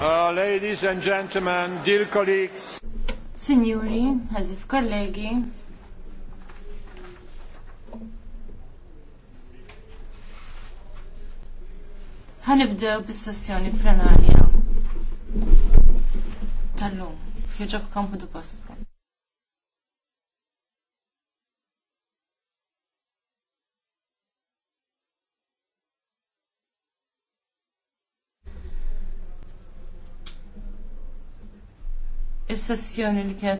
Uh, ladies and gentlemen, dear colleagues. Signori, aziz kollegi. Ħanibdew bis-sessjoni plenarja tal-lum. Joġob kampu du is-sessjoni li kienet